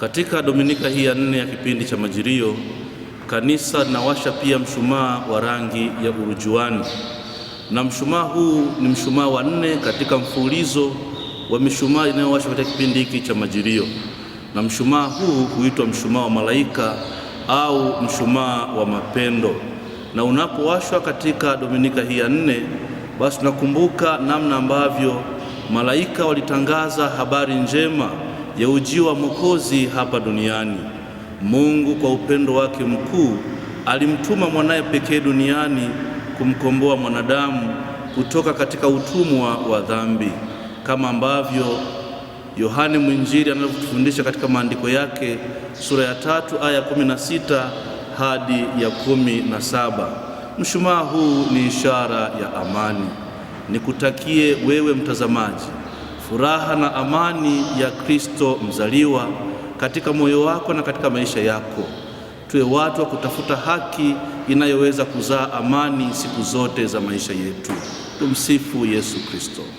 Katika dominika hii ya nne ya kipindi cha Majilio, kanisa linawasha pia mshumaa wa rangi ya urujuani, na mshumaa huu ni mshumaa wa nne katika mfululizo wa mishumaa inayowashwa katika kipindi hiki cha Majilio, na mshumaa huu huitwa mshumaa wa malaika au mshumaa wa mapendo, na unapowashwa katika dominika hii ya nne, basi tunakumbuka namna ambavyo malaika walitangaza habari njema ya ujio wa Mwokozi hapa duniani. Mungu kwa upendo wake mkuu alimtuma mwanaye pekee duniani kumkomboa mwanadamu kutoka katika utumwa wa dhambi, kama ambavyo Yohane Mwinjili anavyotufundisha katika maandiko yake sura ya tatu aya kumi na sita hadi ya kumi na saba. Mshumaa huu ni ishara ya amani. Nikutakie wewe mtazamaji furaha na amani ya Kristo mzaliwa katika moyo wako na katika maisha yako. Tuwe watu wa kutafuta haki inayoweza kuzaa amani siku zote za maisha yetu. Tumsifu Yesu Kristo.